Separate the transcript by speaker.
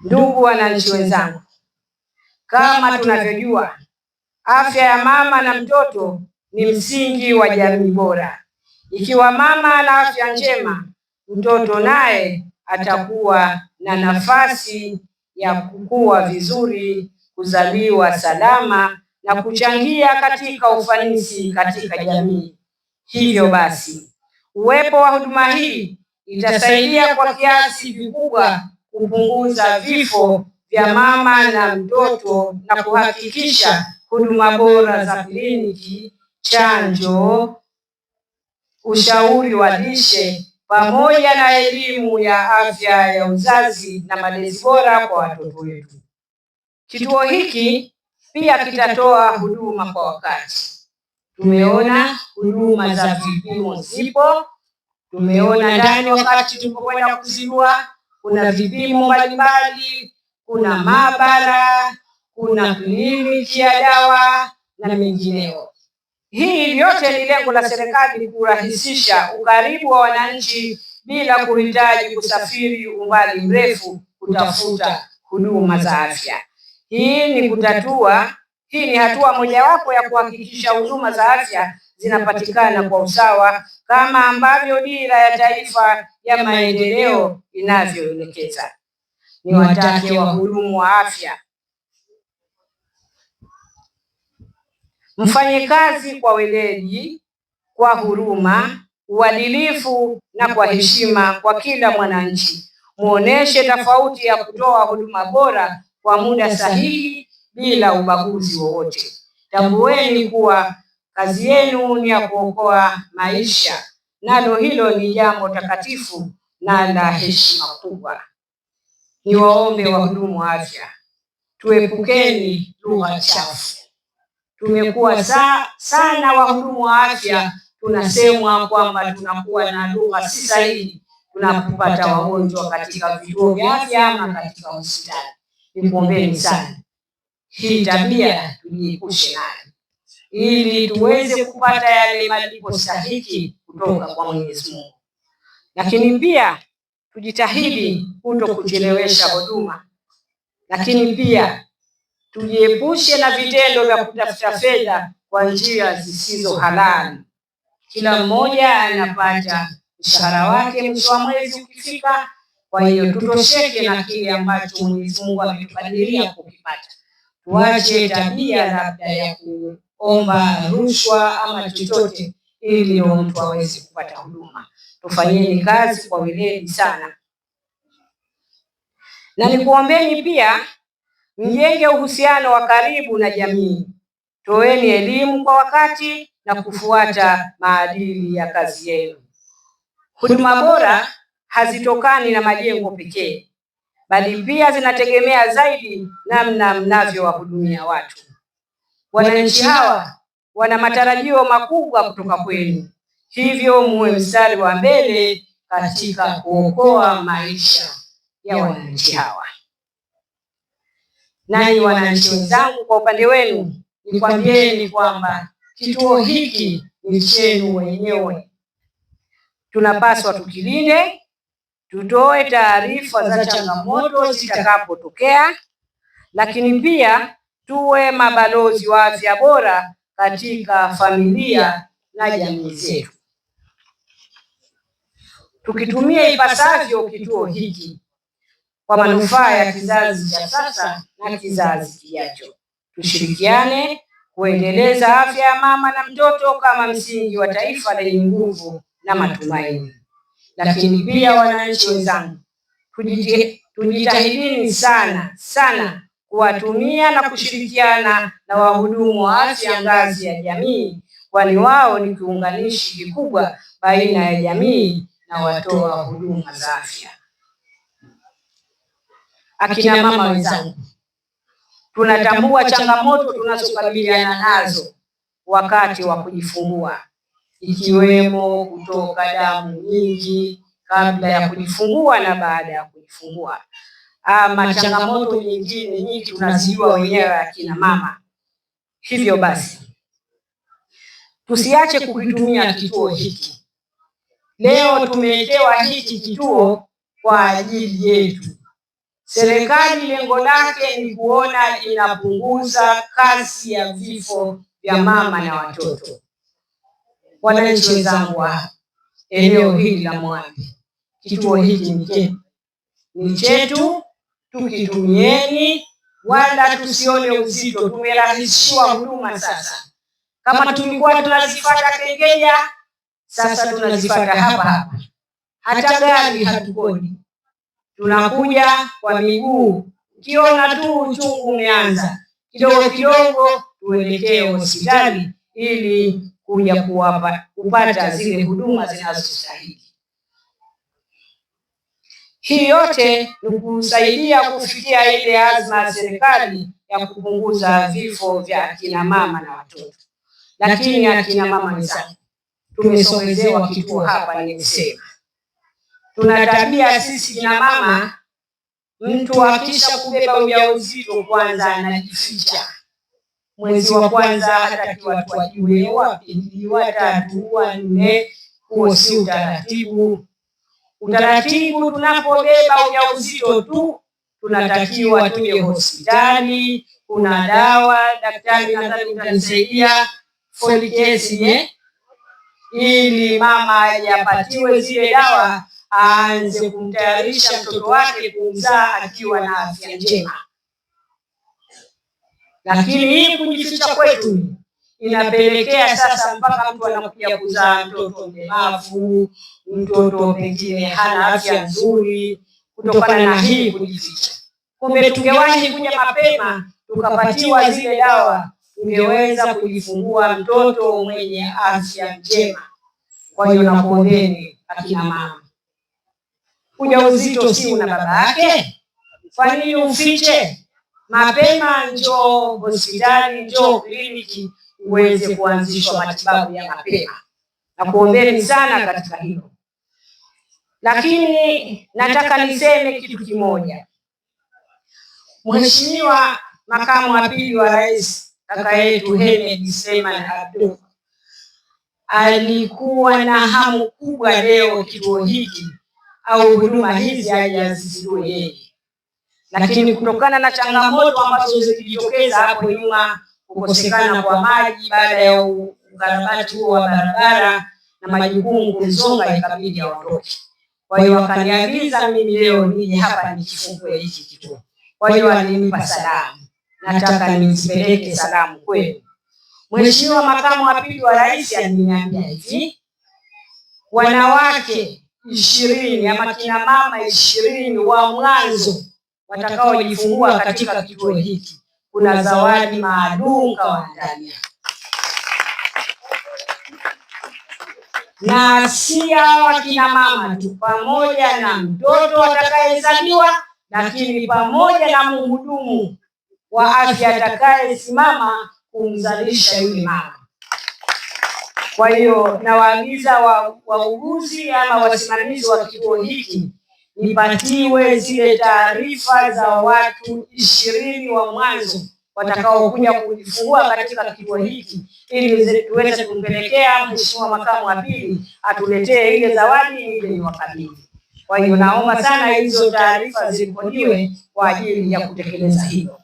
Speaker 1: Ndugu wananchi wenzangu, kama tunavyojua, afya ya mama na mtoto ni msingi wa jamii bora. Ikiwa mama ana afya njema, mtoto naye atakuwa na nafasi ya kukua vizuri, kuzaliwa salama na kuchangia katika ufanisi katika jamii. Hivyo basi, uwepo wa huduma hii itasaidia kwa kiasi kikubwa kupunguza vifo vya mama na mtoto na kuhakikisha huduma bora za kliniki, chanjo, ushauri wa lishe pamoja na elimu ya afya ya uzazi na malezi bora kwa watoto wetu. Kituo hiki pia kitatoa huduma kwa wakati. Tumeona huduma za vipimo zipo, tumeona ndani wakati tulipokwenda kuzindua kuna vipimo mbalimbali, kuna maabara, kuna kliniki ya dawa na mengineo. Hii yote ni lengo la serikali kurahisisha ukaribu wa wananchi bila kuhitaji kusafiri umbali mrefu kutafuta huduma za afya. Hii ni kutatua hii ni hatua mojawapo ya kuhakikisha huduma za afya zinapatikana kwa usawa kama ambavyo Dira ya Taifa ya Maendeleo inavyoelekeza. Ni watake wahudumu wa afya mfanye kazi kwa weledi, kwa huruma, uadilifu na kwa heshima kwa kila mwananchi. Muoneshe tofauti ya kutoa huduma bora kwa muda sahihi bila ubaguzi wowote. Tambueni kuwa kazi yenu ni ya kuokoa maisha, nalo hilo ni jambo takatifu na la heshima kubwa. waombe wahudumu wa afya, tuepukeni lugha chafu. Tumekuwa sa, sana wahudumu wa afya tunasemwa kwamba tunakuwa na lugha si sahihi tunapopata wagonjwa katika vituo vya afya ama katika hospitali. Nikuombeni sana hii tabia tujiepushe kushinani, ili tuweze kupata yale malipo stahiki kutoka kwa Mwenyezi Mungu. Lakini pia tujitahidi kuto kuchelewesha huduma, lakini pia tujiepushe na vitendo vya kutafuta fedha kwa njia zisizo halali. Kila mmoja anapata mshahara wake mwisho wa mwezi ukifika. Kwa hiyo tutosheke na kile ambacho Mwenyezi Mungu ametupangilia kukipata tuache tabia labda ya kuomba rushwa ama chochote, ili ndio mtu aweze kupata huduma. Tufanyeni kazi kwa weledi sana, na nikuombeni pia mjenge uhusiano wa karibu na jamii. Toeni elimu kwa wakati na kufuata maadili ya kazi yenu. Huduma bora hazitokani na majengo pekee bali pia zinategemea zaidi namna mnavyowahudumia watu. Wananchi hawa wana matarajio makubwa kutoka kwenu, hivyo muwe mstari wa mbele katika kuokoa maisha ya wananchi hawa. Nanyi wananchi wenzangu, kwa upande wenu nikwambieni kwamba kituo hiki ni chenu wenyewe. Tunapaswa tukilinde tutoe taarifa za changamoto zitakapotokea, lakini pia tuwe mabalozi wa afya bora katika familia na jamii zetu, tukitumia ipasavyo kituo hiki kwa manufaa ya kizazi cha sasa na kizazi kijacho. Tushirikiane kuendeleza afya ya mama na mtoto kama msingi wa taifa lenye nguvu na matumaini lakini pia wananchi wenzangu, tujitahidini sana sana kuwatumia na kushirikiana na wahudumu wa afya ngazi ya jamii, kwani wao ni kiunganishi kikubwa baina ya jamii na watoa huduma za afya. Akina mama wenzangu, tunatambua changamoto tunazokabiliana nazo wakati wa kujifungua ikiwemo kutoka damu nyingi kabla ya kujifungua na baada ya kujifungua. Ama ah, changamoto nyingine nyingi tunazijua wenyewe akina mama. Hivyo basi tusiache kukitumia kituo hiki. Leo tumewekewa hiki kituo kwa ajili yetu. Serikali lengo lake ni kuona inapunguza kasi ya vifo vya mama na watoto. Wananchi wenzangu wa ah, eneo hili la Mwambi, kituo hiki ni chetu, ni chetu, tukitumieni wala tusione uzito. Tumerahisishiwa huduma sasa. Kama tulikuwa tunazifata Kengeja, sasa tunazifata hapa hapa, hata gari hatukoni, tunakuja kwa miguu. Ukiona tu uchungu umeanza kidogo kidogo, tuelekee hospitali ili kuja kuwapa kupata zile huduma zinazostahili. Hii yote ni kumsaidia kufikia ile azma ya serikali ya kupunguza vifo vya akina mama na watoto. Lakini akina mama wenzangu, tumesogezewa kituo hapa. Nimesema tuna tabia sisi kina mama, mtu akisha kubeba ujauzito kwanza anajificha mwezi wa kwanza hatakiwa watu wajue, wa pili, watatu, wa nne. Huo si utaratibu. Utaratibu tunapobeba ujauzito tu tunatakiwa tuje hospitali, kuna dawa daktari nadhani mtanisaidia folic acid, eh, ili mama ajapatiwe zile dawa, aanze kumtayarisha mtoto wake kumzaa akiwa na afya njema. Lakini hii kujificha kwetu inapelekea sasa mpaka mtu anakuja kuzaa mtoto mlemavu, mtoto pengine hana afya nzuri, kutokana na hii kujificha. Kumbe tungewahi kuja mapema tukapatiwa zile dawa, tungeweza kujifungua mtoto mwenye afya njema. Kwa hiyo nakuombeni akina mama, ujauzito si una baba yake, kwa nini ufiche? mapema, njoo hospitali, njoo kliniki uweze kuanzishwa matibabu ya mapema. na kuombeni sana katika hilo, lakini nataka niseme kitu kimoja. Mheshimiwa makamu wa pili wa rais kaka yetu Hemed Suleiman Abduh alikuwa na hamu kubwa leo kituo hiki au huduma hizi hajazizindue yeye lakini kutokana na changamoto ambazo zilijitokeza hapo nyuma, kukosekana kwa maji baada ya ukarabati huo wa barabara na majukumu kuzonga, ikabidi aondoke. Kwa hiyo wakaniagiza mimi leo nije hapa nikifungue hiki kituo. Kwa hiyo alinipa salamu, nataka nizipeleke salamu kwenu. Mheshimiwa Makamu wa Pili wa Rais aliniambia hivi, wanawake ishirini ama kina mama ishirini wa mwanzo watakaojifungua katika kituo hiki kuna zawadi maalum kawaandalia. Na si hawa kina mama tu, pamoja na mtoto atakayezaliwa, lakini pamoja na mhudumu wa afya atakayesimama kumzalisha yule mama. Kwa hiyo nawaagiza wauguzi wa ama wasimamizi wa kituo hiki nipatiwe zile taarifa za watu ishirini wa mwanzo watakaokuja kujifungua katika kituo hiki ili tuweze kumpelekea Mheshimiwa makamu wa pili atuletee ile zawadi ile wakabili Kwa hiyo naomba sana hizo taarifa ziponiwe kwa ajili ya kutekeleza hilo.